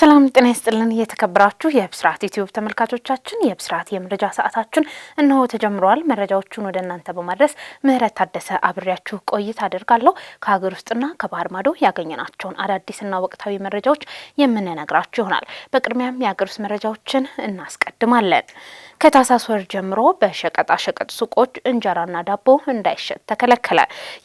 ሰላም ጤና ይስጥልን። እየተከበራችሁ የብስራት ዩቲዩብ ተመልካቾቻችን የብስራት የመረጃ ሰዓታችን እነሆ ተጀምረዋል። መረጃዎቹን ወደ እናንተ በማድረስ ምህረት ታደሰ አብሬያችሁ ቆይታ አደርጋለሁ። ከሀገር ውስጥና ከባህር ማዶ ያገኘናቸውን አዳዲስና ወቅታዊ መረጃዎች የምንነግራችሁ ይሆናል። በቅድሚያም የሀገር ውስጥ መረጃዎችን እናስቀድማለን። ከታህሳስ ወር ጀምሮ በሸቀጣሸቀጥ ሱቆች እንጀራና ዳቦ እንዳይሸጥ ተከለከለ።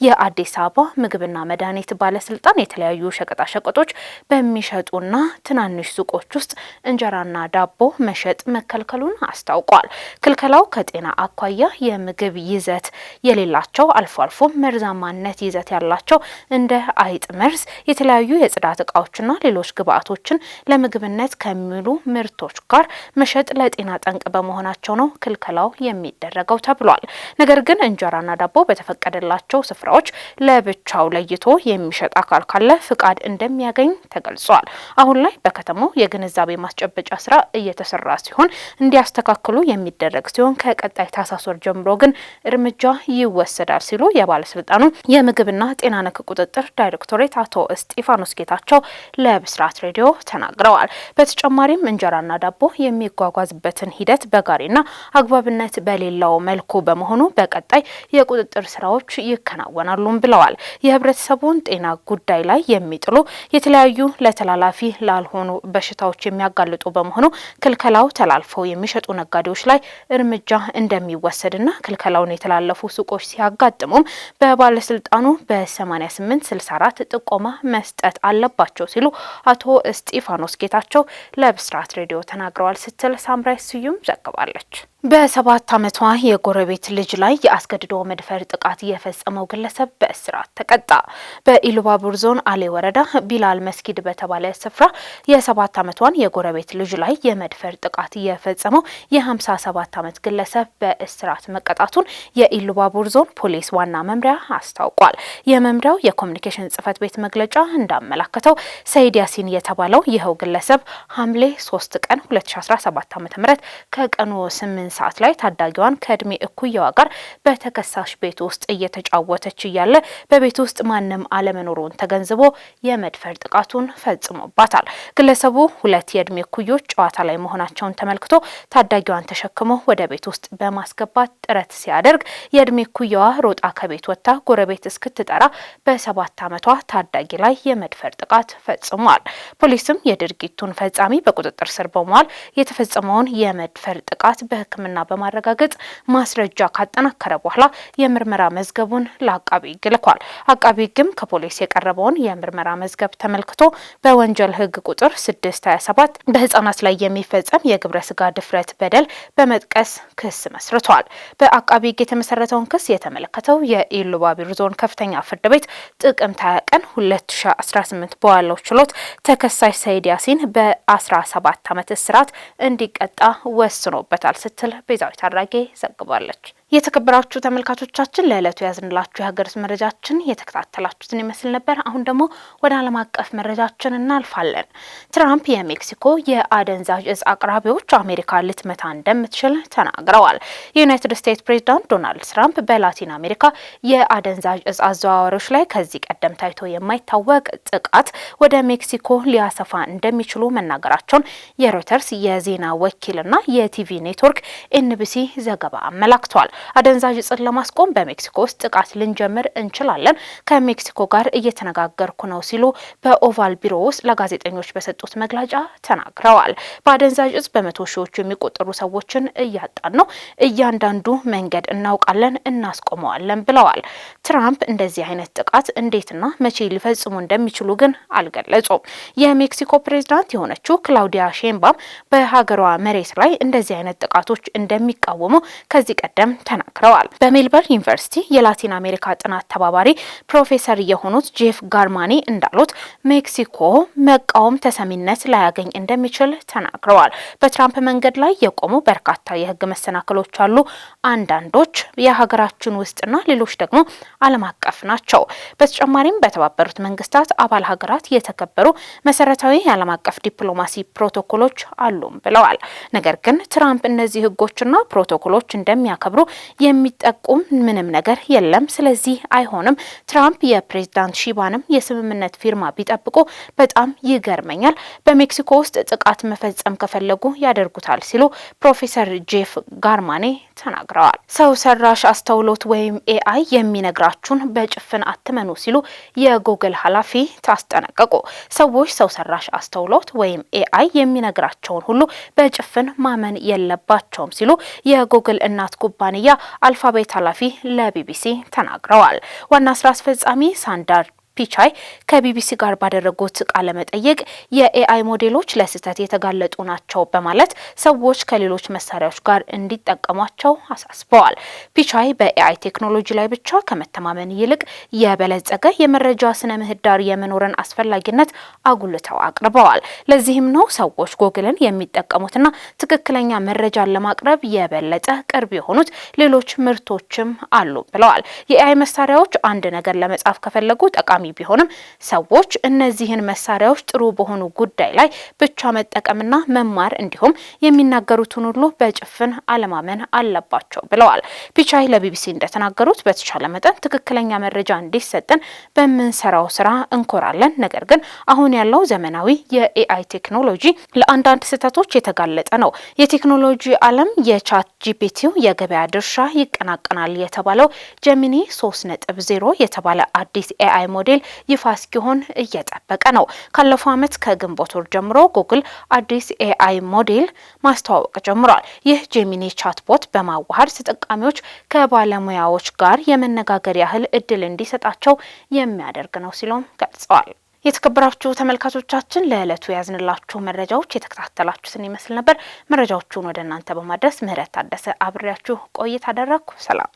የአዲስ አበባ ምግብና መድኃኒት ባለስልጣን የተለያዩ ሸቀጣሸቀጦች በሚሸጡና ትና ትናንሽ ሱቆች ውስጥ እንጀራና ዳቦ መሸጥ መከልከሉን አስታውቋል። ክልከላው ከጤና አኳያ የምግብ ይዘት የሌላቸው አልፎ አልፎ መርዛማነት ይዘት ያላቸው እንደ አይጥ መርዝ፣ የተለያዩ የጽዳት እቃዎችና ሌሎች ግብአቶችን ለምግብነት ከሚውሉ ምርቶች ጋር መሸጥ ለጤና ጠንቅ በመሆናቸው ነው ክልከላው የሚደረገው ተብሏል። ነገር ግን እንጀራና ዳቦ በተፈቀደላቸው ስፍራዎች ለብቻው ለይቶ የሚሸጥ አካል ካለ ፍቃድ እንደሚያገኝ ተገልጿል። አሁን ላይ በ ከተማው የግንዛቤ ማስጨበጫ ስራ እየተሰራ ሲሆን እንዲያስተካክሉ የሚደረግ ሲሆን ከቀጣይ ታህሳስ ወር ጀምሮ ግን እርምጃ ይወሰዳል ሲሉ የባለስልጣኑ የምግብና ጤና ነክ ቁጥጥር ዳይሬክቶሬት አቶ እስጢፋኖስ ጌታቸው ለብስራት ሬዲዮ ተናግረዋል። በተጨማሪም እንጀራና ዳቦ የሚጓጓዝበትን ሂደት በጋሪና አግባብነት በሌለው መልኩ በመሆኑ በቀጣይ የቁጥጥር ስራዎች ይከናወናሉም ብለዋል። የህብረተሰቡን ጤና ጉዳይ ላይ የሚጥሉ የተለያዩ ለተላላፊ ላልሆኑ ለሚሆኑ በሽታዎች የሚያጋልጡ በመሆኑ ክልከላው ተላልፈው የሚሸጡ ነጋዴዎች ላይ እርምጃ እንደሚወሰድና ክልከላውን የተላለፉ ሱቆች ሲያጋጥሙም በባለስልጣኑ በ8864 ጥቆማ መስጠት አለባቸው ሲሉ አቶ እስጢፋኖስ ጌታቸው ለብስራት ሬዲዮ ተናግረዋል ስትል ሳምራይ ስዩም ዘግባለች። በሰባት ዓመቷ የጎረቤት ልጅ ላይ የአስገድዶ መድፈር ጥቃት የፈጸመው ግለሰብ በእስራት ተቀጣ። በኢሉባቡር ዞን አሌ ወረዳ ቢላል መስጊድ በተባለ ስፍራ የሰባት ዓመቷን የጎረቤት ልጅ ላይ የመድፈር ጥቃት የፈጸመው የ57 ዓመት ግለሰብ በእስራት መቀጣቱን የኢሉባቡር ዞን ፖሊስ ዋና መምሪያ አስታውቋል። የመምሪያው የኮሚኒኬሽን ጽህፈት ቤት መግለጫ እንዳመላከተው ሰይድ ያሲን የተባለው ይኸው ግለሰብ ሐምሌ 3 ቀን 2017 ዓ ም ከቀኑ 8 ሰዓት ላይ ታዳጊዋን ከእድሜ እኩያዋ ጋር በተከሳሽ ቤት ውስጥ እየተጫወተች እያለ በቤት ውስጥ ማንም አለመኖሩን ተገንዝቦ የመድፈር ጥቃቱን ፈጽሞባታል። ግለሰቡ ሁለት የእድሜ እኩዮች ጨዋታ ላይ መሆናቸውን ተመልክቶ ታዳጊዋን ተሸክሞ ወደ ቤት ውስጥ በማስገባት ጥረት ሲያደርግ የእድሜ እኩያዋ ሮጣ ከቤት ወጥታ ጎረቤት እስክትጠራ በሰባት ዓመቷ ታዳጊ ላይ የመድፈር ጥቃት ፈጽሟል። ፖሊስም የድርጊቱን ፈጻሚ በቁጥጥር ስር በመዋል የተፈጸመውን የመድፈር ጥቃት በሕክምና በሕክምና በማረጋገጥ ማስረጃ ካጠናከረ በኋላ የምርመራ መዝገቡን ለአቃቢ ሕግ ልኳል። አቃቢ ሕግም ከፖሊስ የቀረበውን የምርመራ መዝገብ ተመልክቶ በወንጀል ሕግ ቁጥር 627 በህጻናት ላይ የሚፈጸም የግብረ ስጋ ድፍረት በደል በመጥቀስ ክስ መስርቷል። በአቃቢ ሕግ የተመሰረተውን ክስ የተመለከተው የኢሉባቢር ዞን ከፍተኛ ፍርድ ቤት ጥቅምት 20 ቀን 2018 በዋለው ችሎት ተከሳሽ ሰይድ ያሲን በ17 ዓመት እስራት እንዲቀጣ ወስኖበታል ስትል ቤዛዊት አድራጌ ዘግባለች። የተከበራችሁ ተመልካቾቻችን ለዕለቱ ያዝንላችሁ የሀገር ውስጥ መረጃችን የተከታተላችሁትን ይመስል ነበር። አሁን ደግሞ ወደ ዓለም አቀፍ መረጃችን እናልፋለን። ትራምፕ የሜክሲኮ የአደንዛዥ እጽ አቅራቢዎች አሜሪካ ልትመታ እንደምትችል ተናግረዋል። የዩናይትድ ስቴትስ ፕሬዚዳንት ዶናልድ ትራምፕ በላቲን አሜሪካ የአደንዛዥ እጽ አዘዋዋሪዎች ላይ ከዚህ ቀደም ታይቶ የማይታወቅ ጥቃት ወደ ሜክሲኮ ሊያሰፋ እንደሚችሉ መናገራቸውን የሮይተርስ የዜና ወኪልና የቲቪ ኔትወርክ ኤንቢሲ ዘገባ አመላክቷል። አደንዛዥ እጽን ለማስቆም በሜክሲኮ ውስጥ ጥቃት ልንጀምር እንችላለን፣ ከሜክሲኮ ጋር እየተነጋገርኩ ነው ሲሉ በኦቫል ቢሮ ውስጥ ለጋዜጠኞች በሰጡት መግለጫ ተናግረዋል። በአደንዛዥ እጽ በመቶ ሺዎች የሚቆጠሩ ሰዎችን እያጣን ነው። እያንዳንዱ መንገድ እናውቃለን፣ እናስቆመዋለን ብለዋል። ትራምፕ እንደዚህ አይነት ጥቃት እንዴትና መቼ ሊፈጽሙ እንደሚችሉ ግን አልገለጹም። የሜክሲኮ ፕሬዝዳንት የሆነችው ክላውዲያ ሼምባም በሀገሯ መሬት ላይ እንደዚህ አይነት ጥቃቶች እንደሚቃወሙ ከዚህ ቀደም ተናግረዋል። በሜልበርን ዩኒቨርሲቲ የላቲን አሜሪካ ጥናት ተባባሪ ፕሮፌሰር የሆኑት ጄፍ ጋርማኒ እንዳሉት ሜክሲኮ መቃወም ተሰሚነት ላያገኝ እንደሚችል ተናግረዋል። በትራምፕ መንገድ ላይ የቆሙ በርካታ የህግ መሰናክሎች አሉ። አንዳንዶች የሀገራችን ውስጥና ሌሎች ደግሞ ዓለም አቀፍ ናቸው። በተጨማሪም በተባበሩት መንግስታት አባል ሀገራት የተከበሩ መሰረታዊ የዓለም አቀፍ ዲፕሎማሲ ፕሮቶኮሎች አሉም ብለዋል። ነገር ግን ትራምፕ እነዚህ ህጎችና ፕሮቶኮሎች እንደሚያከብሩ የሚጠቁም ምንም ነገር የለም። ስለዚህ አይሆንም። ትራምፕ የፕሬዝዳንት ሺባንም የስምምነት ፊርማ ቢጠብቁ በጣም ይገርመኛል። በሜክሲኮ ውስጥ ጥቃት መፈጸም ከፈለጉ ያደርጉታል ሲሉ ፕሮፌሰር ጄፍ ጋርማኔ ተናግረዋል። ሰው ሰራሽ አስተውሎት ወይም ኤአይ የሚነግራችሁን በጭፍን አትመኑ ሲሉ የጉግል ኃላፊ ታስጠነቀቁ። ሰዎች ሰው ሰራሽ አስተውሎት ወይም ኤአይ የሚነግራቸውን ሁሉ በጭፍን ማመን የለባቸውም ሲሉ የጉግል እናት ኩባንያ አልፋቤት ኃላፊ ለቢቢሲ ተናግረዋል። ዋና ስራ አስፈጻሚ ሳንዳር ፒቻይ ከቢቢሲ ጋር ባደረጉት ቃለ መጠይቅ የኤአይ ሞዴሎች ለስህተት የተጋለጡ ናቸው በማለት ሰዎች ከሌሎች መሳሪያዎች ጋር እንዲጠቀሟቸው አሳስበዋል። ፒቻይ በኤአይ ቴክኖሎጂ ላይ ብቻ ከመተማመን ይልቅ የበለጸገ የመረጃ ስነ ምህዳር የመኖርን አስፈላጊነት አጉልተው አቅርበዋል። ለዚህም ነው ሰዎች ጎግልን የሚጠቀሙትና ትክክለኛ መረጃን ለማቅረብ የበለጠ ቅርብ የሆኑት ሌሎች ምርቶችም አሉ ብለዋል። የኤአይ መሳሪያዎች አንድ ነገር ለመጻፍ ከፈለጉ ጠቃሚ ጠቃሚ ቢሆንም ሰዎች እነዚህን መሳሪያዎች ጥሩ በሆኑ ጉዳይ ላይ ብቻ መጠቀምና መማር እንዲሁም የሚናገሩትን ሁሉ በጭፍን አለማመን አለባቸው ብለዋል። ፒቻይ ለቢቢሲ እንደተናገሩት በተቻለ መጠን ትክክለኛ መረጃ እንዲሰጥን በምንሰራው ስራ እንኮራለን። ነገር ግን አሁን ያለው ዘመናዊ የኤአይ ቴክኖሎጂ ለአንዳንድ ስህተቶች የተጋለጠ ነው። የቴክኖሎጂ ዓለም የቻት ጂፒቲው የገበያ ድርሻ ይቀናቀናል የተባለው ጀሚኒ 3 0 የተባለ አዲስ ኤአይ ሞዴል ሞዴል ይፋ እስኪሆን እየጠበቀ ነው። ካለፈው ዓመት ከግንቦት ወር ጀምሮ ጉግል አዲስ ኤአይ ሞዴል ማስተዋወቅ ጀምሯል። ይህ ጄሚኒ ቻትቦት በማዋሃድ ተጠቃሚዎች ከባለሙያዎች ጋር የመነጋገር ያህል እድል እንዲሰጣቸው የሚያደርግ ነው ሲሉም ገልጸዋል። የተከበራችሁ ተመልካቾቻችን ለዕለቱ የያዝንላችሁ መረጃዎች የተከታተላችሁትን ይመስል ነበር። መረጃዎቹን ወደ እናንተ በማድረስ ምህረት ታደሰ አብሬያችሁ ቆይታ አደረግኩ። ሰላም